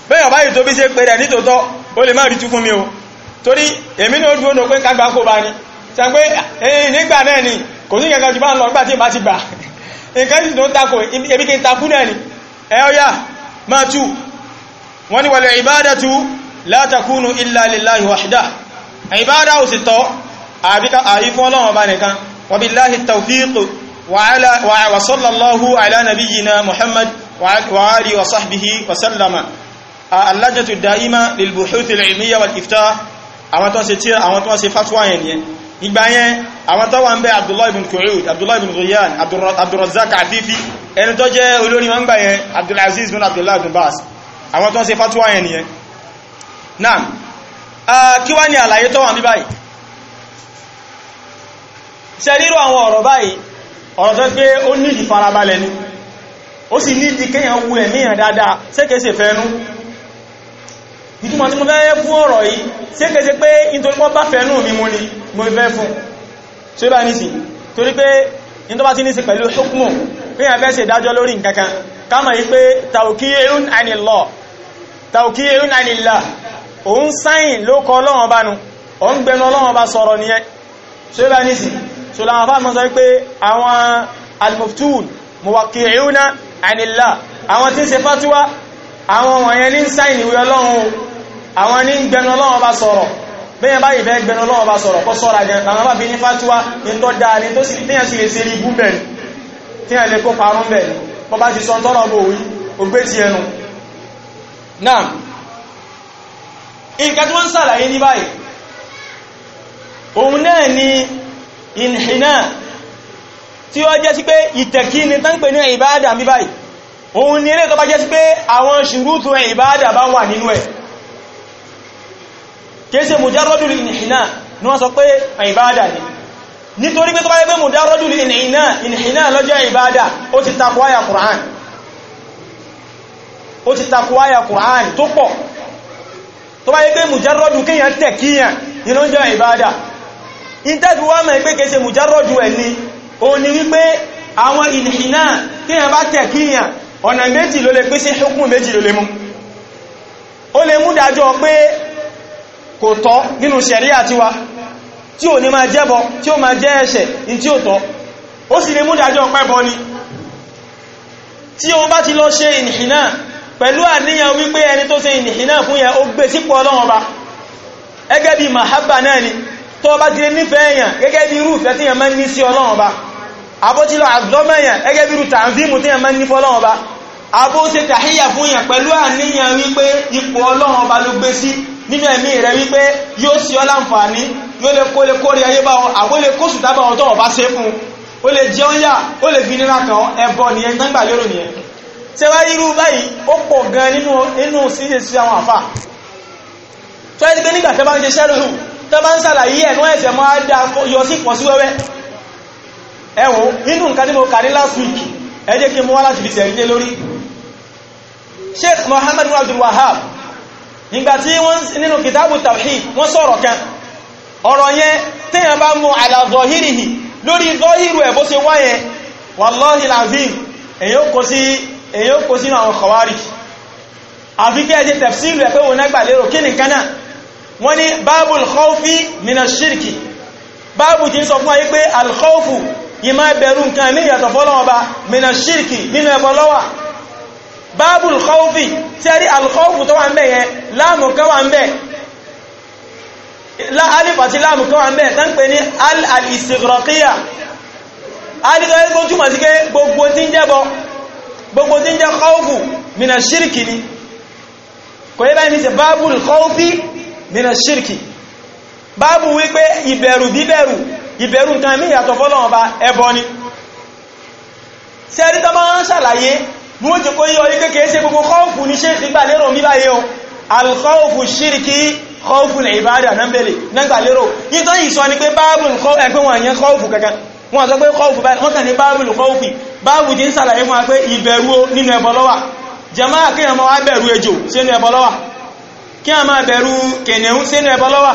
S1: bẹ́ẹ̀ ọ̀bá yìí tó bí ṣe pé rẹ̀ nítòótọ́ ó lè má rí tú fún mi o torí èmi náà dúró nù pé kágbà kó bá ní sọ pé eh, nígbà náà ni kò sí kankan jù bá ń lọ nígbà tí ìbá ti gbà nǹkan sì tó ń takò la takunu illa lillahi wahda ìbádà ò sì tọ́ àbí fún billahi tawfiq وعلى وصلى الله على نبينا محمد وآله وصحبه وسلم اللجنة الدائمة للبحوث العلمية والإفتاء àwọn tó ń ṣe tíra àwọn tó ń ṣe fatuwa yẹn yẹn ìgbà yẹn àwọn tó wà ń bẹ abdullahi ibn Qu'ud abdullahi ibn Ghiyaan abdulrazak afifi ẹni tó jẹ́ olórí wọn gbà yẹn abdulaziz bin abdullahi ibn Baz àwọn tó ń ṣe fatuwa yẹn yẹn naam ah, kí wá ní àlàyé tó wà ń bí báyìí ṣe rírò àwọn ọ̀rọ̀ báyìí ọ̀rọ̀ tó pé ó nídi farabalẹ̀ ni ó sì nídi kéyàn wu ẹ̀mí yàn dáadáa sékèsè fẹ́nu ìtumọ̀ tí mo fẹ́ fún ọ̀rọ̀ yìí sékèsè pé nítorí wọ́n bá fẹ́nu mi mú ni mo fẹ́ fún ṣe bá ní sí torí pé ní tó bá ti ní sí pẹ̀lú hukmu kéyàn fẹ́ ṣe dájọ́ lórí nǹkankan kámọ̀ yí pé tawqī'un 'anil-lāh tawqī'un 'anil-lāh òun sáyìn ló kọ ọlọ́wọ́n bá nu òun so láwọn afá mọ́ sọ wípé àwọn almuftun muwaki'una anilá àwọn tí ń ṣe fatuwa àwọn wọ̀nyẹn ní sáìnì ìwé ọlọ́run àwọn ní gbẹnu ọlọ́run bá sọ̀rọ̀ bẹ́yẹn báyìí fẹ́ gbẹnu ọlọ́run bá sọ̀rọ̀ kọ́ sọ́ra gan àwọn bá fi ní fatuwa ní tó dáa ní inhina tí ó jẹ́ sí pé ìtẹ̀kí ni tán pè ní ìbáadà mi báyìí òun ni eré tó bá jẹ́ sí pé àwọn ṣùrútù ìbáadà bá wà nínú ẹ̀ kéèsè mujarradul inhina ní wọ́n sọ pé ìbáadà ni nítorí pé tó bá jẹ́ pé mujarradul inhina lọ́jẹ́ ìbáadà ó ti takwáyà Qur'an ó ti takwáyà Qur'an tó pọ̀ tó bá jẹ́ pé mujarradu kíyàn tẹ̀kíyàn nínú jẹ́ ìbáadà ìtẹ́bí wá mẹ́ pé kése mùjárọ́dù ẹ̀ ni o ni wípé àwọn ìnìyàn kíyàn bá tẹ̀ kíyàn ọ̀nà méjì ló lè pín sí hukun méjì ló lè mú ó lè mú dájọ́ pé kò tọ́ nínú ṣẹ̀ríà tiwa tí ò ní máa jẹ́bọ tí ó máa jẹ́ ẹ̀ṣẹ̀ in tí ó tọ́ ó sì lè mú dájọ́ pẹ́bọ ni tí o bá ti lọ ṣe ìnìyàn pẹ̀lú àníyàn wípé ẹni tó ṣe ìnìyàn fún yẹn ó gbé sípò ọlọ́wọ́n ba ẹgẹ́ bí mahabba náà ni tó bá ti lè nífẹ̀ẹ́ èèyàn gẹ́gẹ́ bí irú ìfẹ́ tí èèyàn máa ń ní sí ọlọ́run ọba abótílọ àgbọ́mọ̀ èèyàn gẹ́gẹ́ bí irú tàǹfíìmù tí èèyàn máa ń ní fọ́lọ́run ọba abó ṣe tàhíyà fún èèyàn pẹ̀lú àníyàn wípé ipò ọlọ́run ọba ló gbé sí nínú ẹ̀mí rẹ̀ wípé yóò sí ọ láǹfààní yóò lè kó lè kórè ayé bá wọn àbó lè kó sùtá bá wọn tó wọn bá ṣe fún tó bá ń sàlàyé ẹ̀nú ẹ̀sẹ̀ mọ́ á dá yọ sí pọ̀ sí wẹ́wẹ́ ẹ̀wọ̀n nínú nǹkan tí mo kà ní last week ẹ jẹ́ kí mo láti fi sẹ̀rí lé lórí Sheikh Muhammad bin Abdul Wahhab nígbà tí wọ́n nínú kìtàbù tawhid wọ́n sọ̀rọ̀ kan ọ̀rọ̀ yẹn téèyàn bá mú ala zahirihi lórí zọ́hìrù ẹ̀ bó ṣe wáyẹn wallahi lazim èyàn kò sí èyàn kò sínú àwọn khawarij àfikẹ́ ẹ̀jẹ̀ tafsiru ẹ̀ wọn nágbà lérò kí nìkan náà wọ́n ní báàbù alkhawfi mina shirki báàbù tí ń sọ fún ayé pé alkhawfu yìí máa bẹ̀rù nǹkan ní ìyàtọ̀ fọ́lọ́wọ́ba mina shirki nínú ẹbọ lọ́wà báàbù alkhawfi tí a rí alkhawfu tó wà ń bẹ̀ yẹn láàmù kan wà ń bẹ̀ alif àti láàmù kan wà ń bẹ̀ tán pè ní al-istighraqiya alìtọ́ ẹgbẹ́ túnmọ̀ sí pé nínú ṣírkì báàbù wípé ìbẹ̀rù bíbẹ̀rù ìbẹ̀rù nǹkan mí ìyàtọ̀ fọ́lọ́wọ́n bá ẹbọ ni sẹ́rí tó máa ń ṣàlàyé ní ó jẹ́ kó yíò yí kéèkéé ṣe gbogbo kọ́ọ̀fù ní ṣe ìgbà lérò ní báyé o alkọ́ọ̀fù ṣírkì kọ́ọ̀fù ní ìbádà náà bèèrè nígbà lérò yí tó yìí sọ ni pé báàbù ẹgbẹ́ wọn yẹn kọ́ọ̀fù kankan wọ́n sọ pé kọ́ọ̀fù báyìí wọ́n kàn ní báàbù kọ́ọ̀fù báàbù ti wá bẹ̀rù ejò sínú ẹbọ kí a máa bẹ̀rù kènìún sínú ẹbọ lọ́wà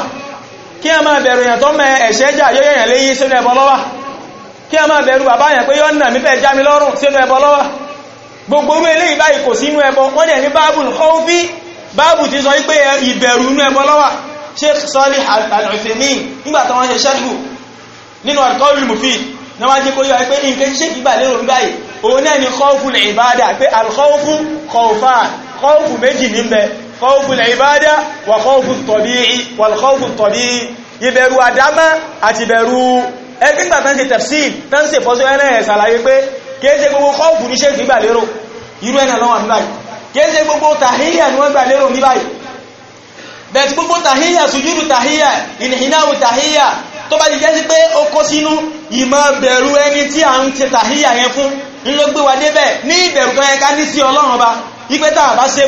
S1: kí a máa bẹ̀rù èyàn tó mẹ ẹ̀ṣẹ̀ jà yóò yẹ̀yàn léyìn sínú ẹbọ lọ́wà kí a máa bẹ̀rù bàbá yẹn pé yóò nà mí fẹ́ já mi lọ́rùn sínú ẹbọ lọ́wà gbogbo orú eléyìí báyìí kò sínú ẹbọ wọ́n dẹ̀ ní báàbùl khawfi báàbù ti sọ wípé ìbẹ̀rù inú ẹbọ lọ́wà Sheikh Salih Al-Uthaymeen nígbà tó wọ́n ṣe ṣẹ́kù nínú al ni khawful al-khawfu khawfan khawfu méjì níbẹ̀ خوف العبادة وخوف الطبيعي والخوف الطبيعي ìbẹ̀rù àdámá àti ìbẹ̀rù ẹgbẹ́gbà tán ṣe tafsir tán ṣe fọ́sọ́ ẹ̀rẹ́ ṣàlàyé pé kéèṣe gbogbo kọ́ọ̀fù ní ṣe ìgbà lérò irú ẹ̀nà lọ́wọ́ ní báyìí kéèṣe gbogbo tàhíyà ní wọ́n gbà lérò ní báyìí bẹ̀t gbogbo tàhíyà sùjúdù tàhíyà ìnìhìnáwù tàhíyà tó bá ti jẹ́ sí pé ó kó sínú ìmọ̀ bẹ̀rù ẹni tí a ń ṣe tàhíyà yẹn fún ńlọgbéwà débẹ̀ ní ìbẹ̀rù kan ẹ̀ka ní sí ọlọ́run ọba ipẹ́ta àbá ṣe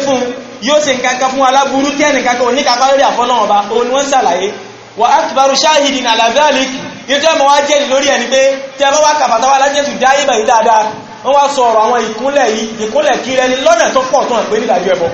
S1: yóò ṣe nǹkan kan fún aláburú tí ẹnìkan kan oníkàpá lórí àfọlọ́wọ́n ba òun wọ́n ṣàlàyé wà akbaru shahidin ala dhalik nítorí ọmọ wa jẹ́rìí lórí ẹni pé tí a bá wá kàfàtà wá lájẹ́tù dá ibà dáadáa wọ́n wá sọ ọ̀rọ̀ àwọn ìkúnlẹ̀ yìí ìkúnlẹ̀ kiri ẹni lọ́nà tó pọ̀ tó hàn pé nídàájú ẹbọ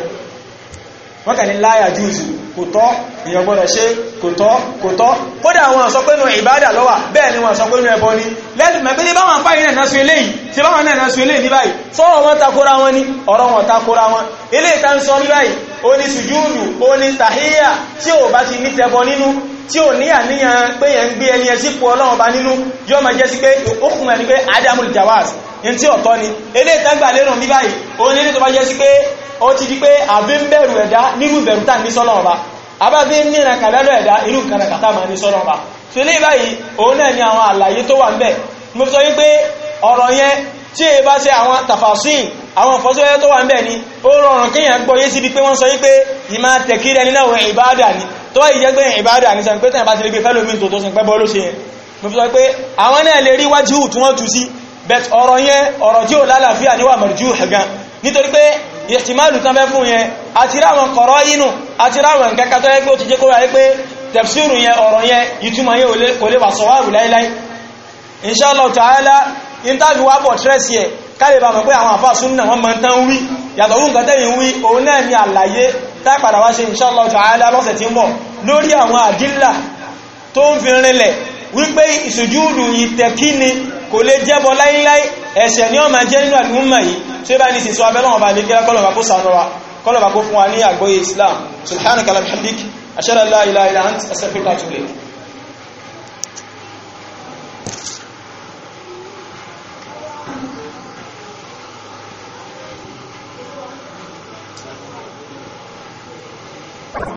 S1: wọ́n kà ní láyà júùsù kò tọ́ èèyàn gbọ́dọ̀ ṣe kò tọ́ kò tọ́ kódà àwọn sọ pé nù ìbádà lọ́wà bẹ́ẹ̀ ni wọ́n sọ pé nù ẹbọ ni lẹ́sìn mẹ́bí ní báwọn apá ìrìn náà sọ eléyìí tí báwọn náà sọ eléyìí ní báyìí sọ̀rọ̀ wọn takora wọn ni ọ̀rọ̀ wọn takora wọn eléyìí tá ń sọ ní báyìí ó ní sùjúùdù ó ní tàhíyà tí ò bá ti ní tẹbọ nínú tí ò ní àníyàn pé yẹn ń gbé ẹni ẹsí pọ̀ ọlọ́run bá nínú yóò máa jẹ́ sí pé òkun ẹni pé adamul jawaz ní tí ọ̀tọ́ ni eléyìí tá ń gbà ní báyìí ó ní ní tó bá jẹ́ sí pé ó ti di pé àbí ń bẹ̀rù ẹ̀dá nínú ìbẹ̀rù tá ní sọ́nà ọba àbábí ń nìran kàlẹ́lọ ẹ̀dá inú kànàkàtà máa ní sọ́nà ọba tó lè báyìí òun náà ni àwọn àlàyé tó wà ń bẹ̀ mo sọ wípé ọ̀rọ̀ yẹn tí èyí bá ṣe àwọn tàfàṣìn àwọn ìfọ́síwẹ́yẹ tó wà ń bẹ̀ ni ó rọrùn kéèyàn gbọ́ yé síbi pé wọ́n sọ wípé ìmá tẹ̀kírí ẹni náà ìbáàdà ni tó wáyé jẹ́ pé ìbáàdà ni sẹ́ni pé tẹ̀yìn bá ti lè gbé fẹ́lómi tó tó sì pẹ́ bọ́ ló ṣe yẹn mo sọ pé àwọn náà lè rí wájú tí wọ́n tu sí bẹ̀t ọ̀rọ̀ yẹn ọ̀rọ̀ tí ò lálàáfíà ni wà mọ̀rùjú gan nítorí pé ìtìmáàlù tán fẹ́ fún yẹn àti ráwọn kọ̀rọ̀ inú àti ráwọn nǹkan kan tó yẹ pé ó ti jẹ́ kó wáyé pé tẹ̀fsírù yẹn ọ̀rọ̀ yẹn ìtumọ̀ yẹn kò lè wà sọ̀wáàrù láíláí inṣàlọ̀ tààlá ìntàbí wà bọ̀ tírẹ́sì ẹ̀ káyè bá mọ̀ pé àwọn àfáà súnnà wọ́n mọ̀ tán wí yàtọ̀ wù nǹkan tẹ́yìn wí òun náà ni àlàyé tápàdà wá ṣe inṣàlọ̀ tààlá lọ́sẹ̀ tí ń bọ̀ lórí àwọn àdílà tó ń fi rinlẹ̀ wípé ìsùjúdù ìtẹ̀kíni kò lè jẹ́bọ láíláí ẹ̀ṣẹ̀ ni ó máa jẹ́ nínú àdúgbò yìí ṣe báyìí nìsìn sọ abẹ́lọ́wọ̀n bá lè kí kọlọ̀bà kó sànúwa kọlọ̀bà kó fún wa ní àgbóyé Islam subhanaka wa bihamdik ashhadu an la ilaha illa anta